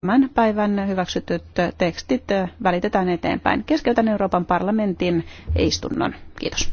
Tämän päivän hyväksytyt tekstit välitetään eteenpäin. Keskeytän Euroopan parlamentin istunnon. Kiitos.